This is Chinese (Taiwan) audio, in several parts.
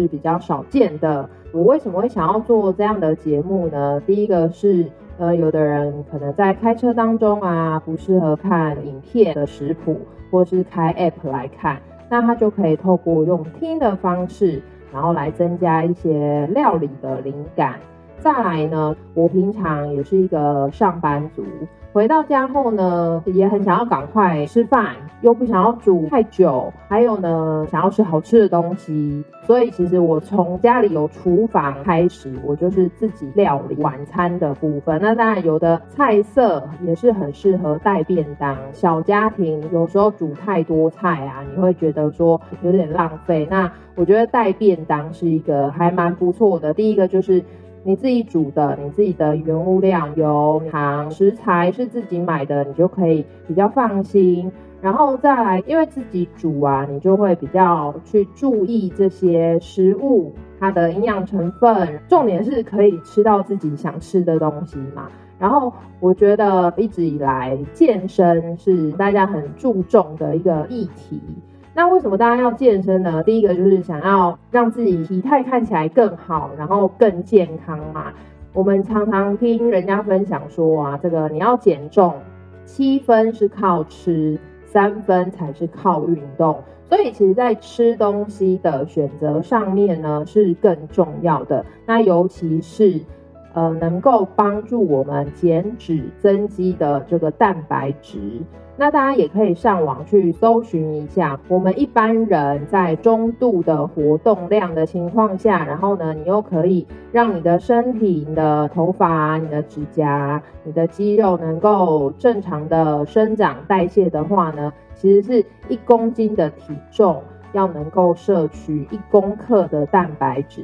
是比較少見的。我為什麼會想要做這樣的節目呢？第一個是，呃，有的人可能在開車當中啊，不適合看影片的食譜，或是開 App 來看，那他就可以透過用聽的方式，然後來增加一些料理的靈感。再來呢，我平常也是一個上班族。回到家後呢，也很想要趕快吃飯，又不想要煮太久，還有呢，想要吃好吃的東西。所以其實我從家裡有廚房開始，我就是自己料理晚餐的部分。那當然有的菜色也是很適合帶便當。小家庭有時候煮太多菜啊，你會覺得說有點浪費。那我覺得帶便當是一個還蠻不錯的。第一個就是。你自己煮的，你自己的原物料、油、糖、食材是自己買的，你就可以比較放心。然後再來，因為自己煮啊，你就會比較去注意這些食物它的營養成分。重點是可以吃到自己想吃的東西嘛。然後我覺得一直以來健身是大家很注重的一個議題。那為什麼大家要健身呢？第一個就是想要讓自己體態看起來更好，然後更健康嘛。我們常常聽人家分享說啊，這個你要減重，七分是靠吃，三分才是靠運動。所以其實，在吃東西的選擇上面呢，是更重要的。那尤其是。呃，能夠幫助我們減脂增肌的這個蛋白質。那大家也可以上網去搜尋一下，我們一般人在中度的活動量的情況下，然後呢，你又可以讓你的身體、你的頭髮、你的指甲、你的肌肉能夠正常的生長代謝的話呢，其實是一公斤的體重要能夠攝取一公克的蛋白質。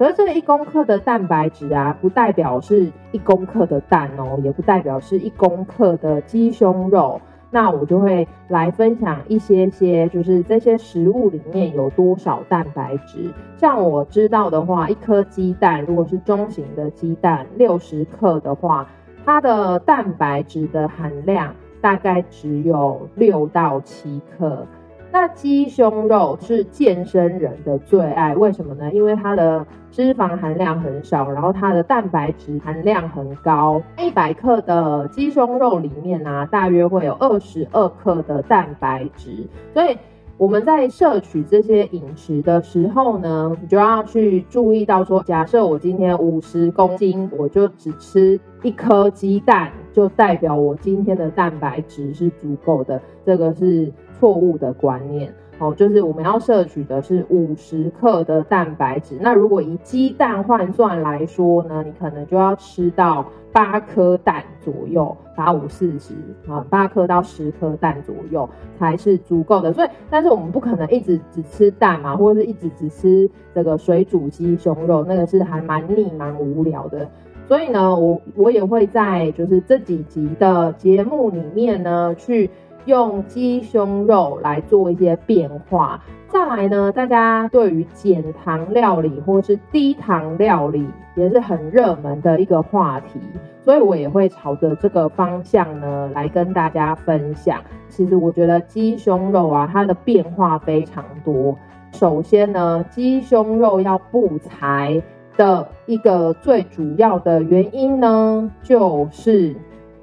可是這一公克的蛋白質啊，不代表是一公克的蛋哦，也不代表是一公克的雞胸肉。那我就會來分享一些些，就是這些食物裡面有多少蛋白質。像我知道的話，一顆雞蛋，如果是中型的雞蛋，六十克的話，它的蛋白質的含量大概只有六到七克。那雞胸肉是健身人的最愛，為什麼呢？因為它的脂肪含量很少，然後它的蛋白質含量很高。一百克的雞胸肉裡面呢、啊，大約會有二十二克的蛋白質，所以，我們在攝取這些飲食的時候呢，你就要去注意到說，假設我今天五十公斤，我就只吃一顆雞蛋，就代表我今天的蛋白質是足夠的，這個是錯誤的觀念。哦，就是我們要攝取的是五十克的蛋白質。那如果以雞蛋換算來說呢，你可能就要吃到八顆蛋左右，八五四十啊，八顆到十顆蛋左右才是足夠的。所以，但是我們不可能一直只吃蛋嘛，或者是一直只吃這個水煮雞胸肉，那個是還蠻膩、蠻無聊的。所以呢，我我也會在就是這幾集的節目裡面呢去。用雞胸肉來做一些變化，再來呢，大家對於減糖料理或是低糖料理也是很熱門的一個話題，所以我也會朝着這個方向呢來跟大家分享。其實我覺得雞胸肉啊，它的變化非常多。首先呢，雞胸肉要不柴的一個最主要的原因呢，就是。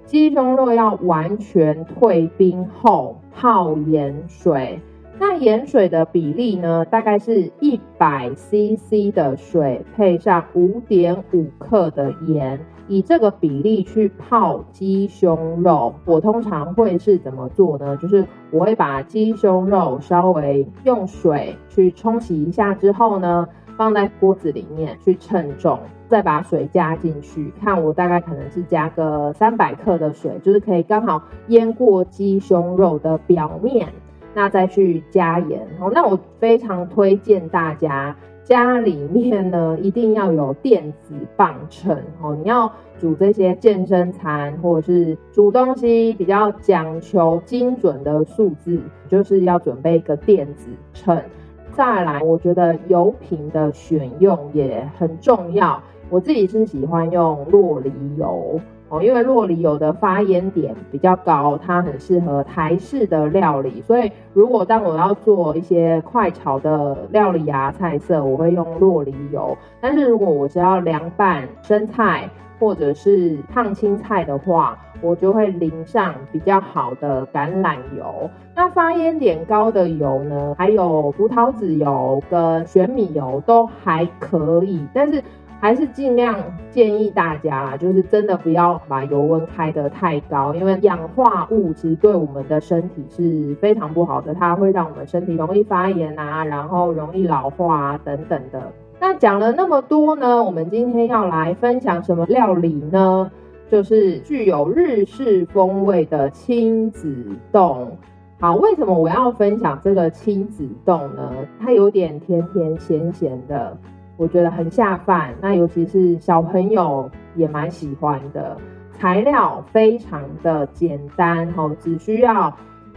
雞胸肉要完全退冰後泡鹽水，那鹽水的比例呢？大概是一百 CC 的水配上五點五克的鹽，以這個比例去泡雞胸肉。我通常會是怎麼做呢？就是我會把雞胸肉稍微用水去沖洗一下之後呢。放在鍋子裡面去稱重，再把水加進去，看我大概可能是加個三百克的水，就是可以剛好淹過雞胸肉的表面，那再去加鹽。哦。那我非常推薦大家，家裡面呢一定要有電子磅秤，哦。你要煮這些健身餐或者是煮東西比較講求精準的數字，就是要準備一個電子秤。再來，我覺得油品的選用也很重要。我自己是喜歡用酪梨油。哦，因為酪梨油的發煙點比較高，它很適合台式的料理，所以如果當我要做一些快炒的料理啊，菜色，我會用酪梨油。但是如果我只要涼拌生菜或者是燙青菜的話，我就會淋上比較好的橄欖油。那發煙點高的油呢，還有葡萄籽油跟玄米油都還可以，但是。還是盡量建議大家，就是真的不要把油溫開得太高，因為氧化物其實對我們的身體是非常不好的，它會讓我們身體容易發炎啊，然後容易老化啊等等的。那講了那麼多呢，我們今天要來分享什麼料理呢？就是具有日式風味的親子丼。好，為什麼我要分享這個親子丼呢？它有點甜甜鹹鹹的。我覺得很下飯，那尤其是小朋友也蠻喜歡的。材料非常的簡單，吼，只需要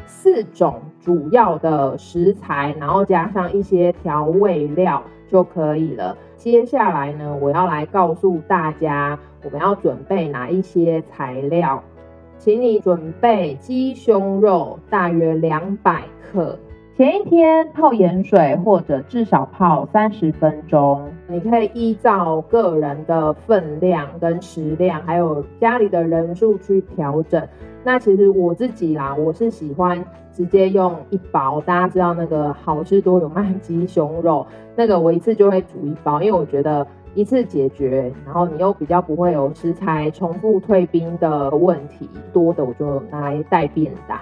四種主要的食材，然後加上一些調味料就可以了。接下來呢，我要來告訴大家，我們要準備哪一些材料，請你準備雞胸肉大約兩百克。前一天泡鹽水，或者至少泡三十分鐘。你可以依照個人的分量跟食量，還有家裡的人數去調整。那其實我自己啦，我是喜歡直接用一包。大家知道那個好市多有賣雞胸肉，那個我一次就會煮一包，因為我覺得一次解決，然後你又比較不會有食材重複退冰的問題。多的我就拿來帶便當。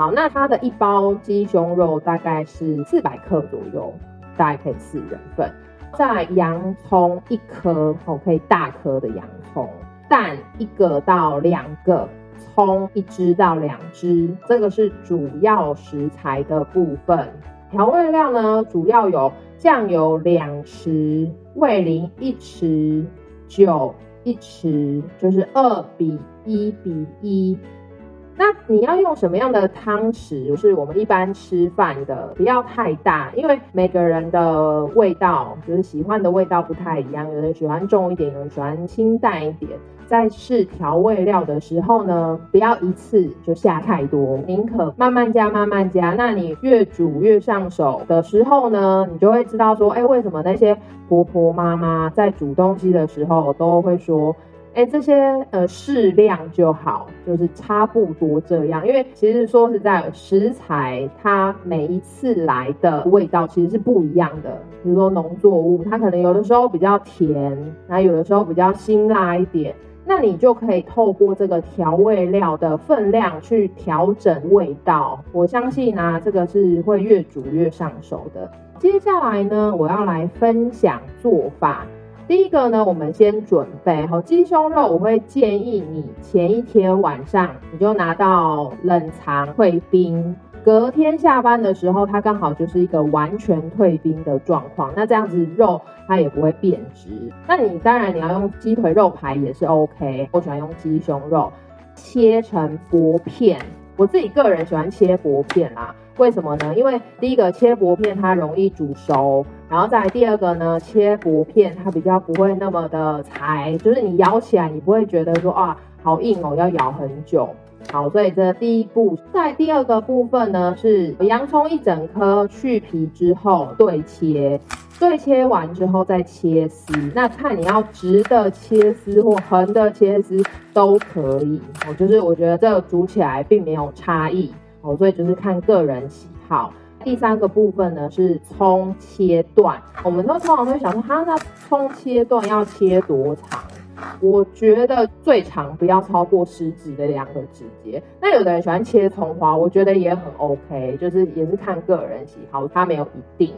好，那它的一包雞胸肉大概是四百克左右，大概可以四人份。再洋蔥一顆，哦，可以大顆的洋蔥，蛋一個到兩個，蔥一支到兩支。這個是主要食材的部分。調味料呢，主要有醬油兩匙，味淋一匙，酒一匙，就是二比一比一。那你要用什麼樣的湯匙？就是我們一般吃飯的，不要太大，因為每個人的味道就是喜歡的味道不太一樣。有人喜歡重一點，有人喜歡清淡一點。在試調味料的時候呢，不要一次就下太多，寧可慢慢加，慢慢加。那你越煮越上手的時候呢，你就會知道說，哎、欸，為什麼那些婆婆媽媽在煮東西的時候都會說。哎、欸，這些呃適量就好，就是差不多這樣。因為其實說實在，食材它每一次來的味道其實是不一樣的。比如說農作物，它可能有的時候比較甜，那有的時候比較辛辣一點。那你就可以透過這個調味料的分量去調整味道。我相信呢、啊，這個是會越煮越上手的。接下來呢，我要來分享做法。第一個呢，我們先準備哈雞胸肉，我會建議你前一天晚上你就拿到冷藏退冰，隔天下班的時候它剛好就是一個完全退冰的狀況，那這樣子肉它也不會變質。那你當然你要用雞腿肉排也是 OK，我喜歡用雞胸肉切成薄片，我自己個人喜歡切薄片啦。為什麼呢？因為第一個切薄片它容易煮熟，然後再第二個呢，切薄片它比較不會那麼的柴，就是你咬起來你不會覺得說啊好硬哦，要咬很久。好，所以這第一步。在第二個部分呢，是洋蔥一整顆去皮之後對切，對切完之後再切絲。那看你要直的切絲或橫的切絲都可以。我就是我覺得這個煮起來並沒有差異。哦，所以就是看個人喜好。第三個部分呢是蔥切段，我們都通常會想說，哈、啊，那蔥切段要切多長？我覺得最長不要超過食指的兩個指節。那有的人喜歡切蔥花，我覺得也很 OK，就是也是看個人喜好，它沒有一定。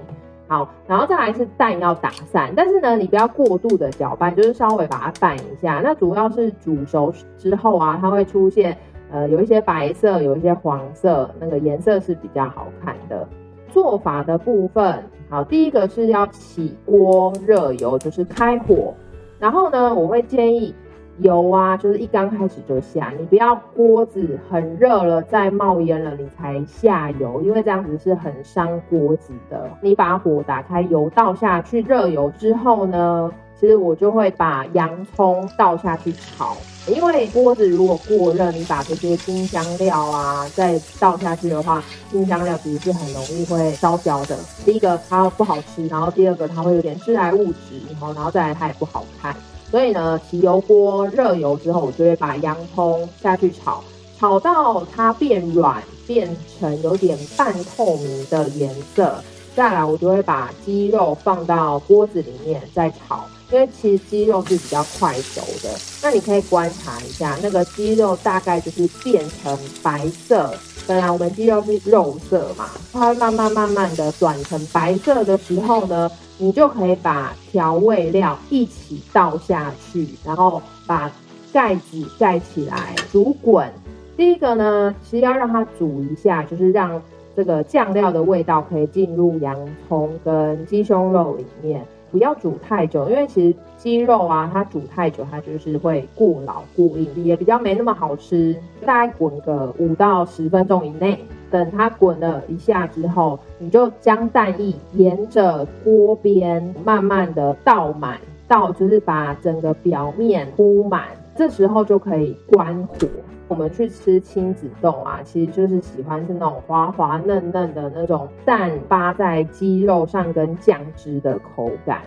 好，然後再來是蛋要打散，但是呢，你不要過度的攪拌，就是稍微把它拌一下。那主要是煮熟之後啊，它會出現。呃，有一些白色，有一些黃色，那個顏色是比較好看的。做法的部分，好，第一個是要起鍋熱油，就是開火。然後呢，我會建議油啊，就是一剛開始就下，你不要鍋子很熱了，再冒煙了，你才下油，因為這樣子是很傷鍋子的。你把火打開，油倒下去，熱油之後呢，其實我就會把洋蔥倒下去炒，因為鍋子如果過熱，你把這些辛香料啊再倒下去的話，辛香料其實是很容易會燒焦的。第一個它不好吃，然後第二個它會有點致癌物質，然後然後再來它也不好看。所以呢，起油鍋熱油之後，我就會把洋蔥下去炒，炒到它變軟，變成有點半透明的顏色。再來，我就會把雞肉放到鍋子裡面再炒，因為其實雞肉是比較快熟的。那你可以觀察一下，那個雞肉大概就是變成白色，本來我們雞肉是肉色嘛，它慢慢慢慢的轉成白色的時候呢，你就可以把調味料一起倒下去，然後把蓋子蓋起來煮滾。第一個呢，是要讓它煮一下，就是讓。這個醬料的味道可以進入洋蔥跟雞胸肉裡面，不要煮太久，因為其實雞肉啊，它煮太久，它就是會過老過硬，也比較沒那麼好吃。大概滾個五到十分鐘以內，等它滾了一下之後，你就將蛋液沿着鍋邊慢慢的倒滿，倒就是把整個表面鋪滿，這時候就可以關火。我們去吃親子丼啊，其實就是喜歡是那種滑滑嫩嫩的那種蛋扒在雞肉上跟醬汁的口感。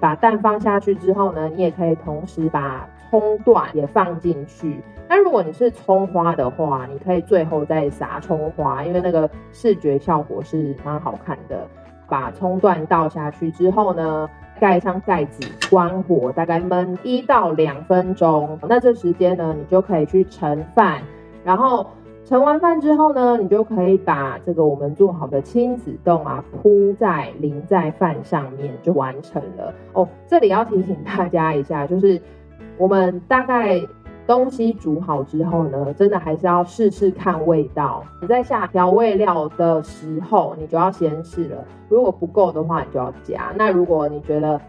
把蛋放下去之後呢，你也可以同時把蔥段也放進去。那如果你是蔥花的話，你可以最後再撒蔥花，因為那個視覺效果是蠻好看的。把蔥段倒下去之後呢。蓋上蓋子，關火，大概燜一到兩分鐘。那這時間呢，你就可以去盛飯。然後盛完飯之後呢，你就可以把這個我們做好的親子丼啊鋪在淋在飯上面，就完成了。哦，這裡要提醒大家一下，就是我們大概。東西煮好之後呢，真的還是要試試看味道。你在下調味料的時候，你就要先試了。如果不夠的話，你就要加。那如果你覺得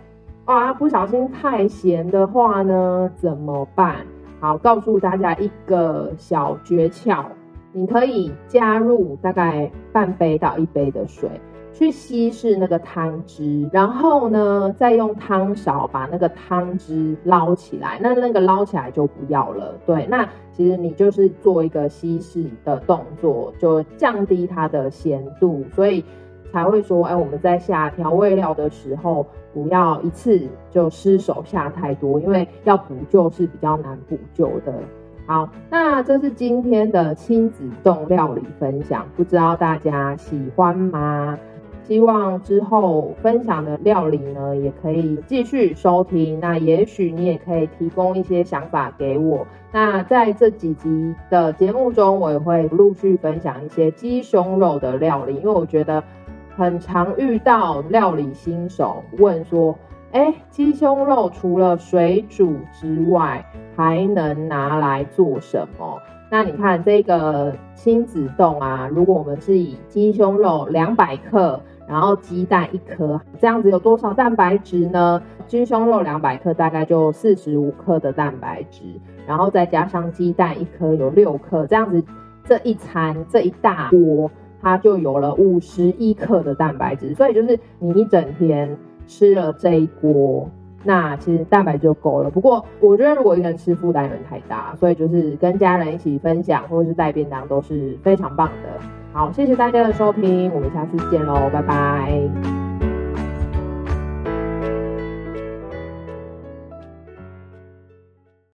啊，不小心太鹹的話呢，怎麼辦？好，告訴大家一個小訣竅，你可以加入大概半杯到一杯的水。去稀釋那個湯汁，然後呢，再用湯勺把那個湯汁撈起來，那那個撈起來就不要了。對，那其實你就是做一個稀釋的動作，就降低它的鹹度，所以才會說，哎，我們在下調味料的時候，不要一次就失手下太多，因為要補救是比較難補救的。好，那這是今天的親子丼料理分享，不知道大家喜歡嗎？希望之後分享的料理呢，也可以繼續收聽。那也許你也可以提供一些想法給我。那在這幾集的節目中，我也會陸續分享一些雞胸肉的料理，因為我覺得很常遇到料理新手問說：“哎、欸，雞胸肉除了水煮之外，還能拿來做什麼？”那你看這個親子丼啊，如果我們是以雞胸肉兩百克。然後雞蛋一顆，這樣子有多少蛋白質呢？雞胸肉兩百克大概就四十五克的蛋白質，然後再加上雞蛋一顆有六克，這樣子這一餐這一大鍋它就有了五十一克的蛋白質。所以就是你一整天吃了這一鍋，那其實蛋白質就夠了。不過我覺得如果一個人吃負擔有點太大，所以就是跟家人一起分享或是帶便當都是非常棒的。好，謝謝大家的收聽，我們下次見嘍，拜拜。